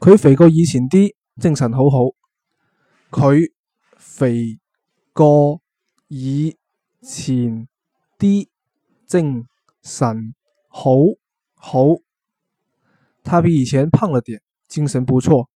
佢肥過以前啲，精神好好。佢肥過以前啲，精神好好。他比以前胖了點，精神不錯。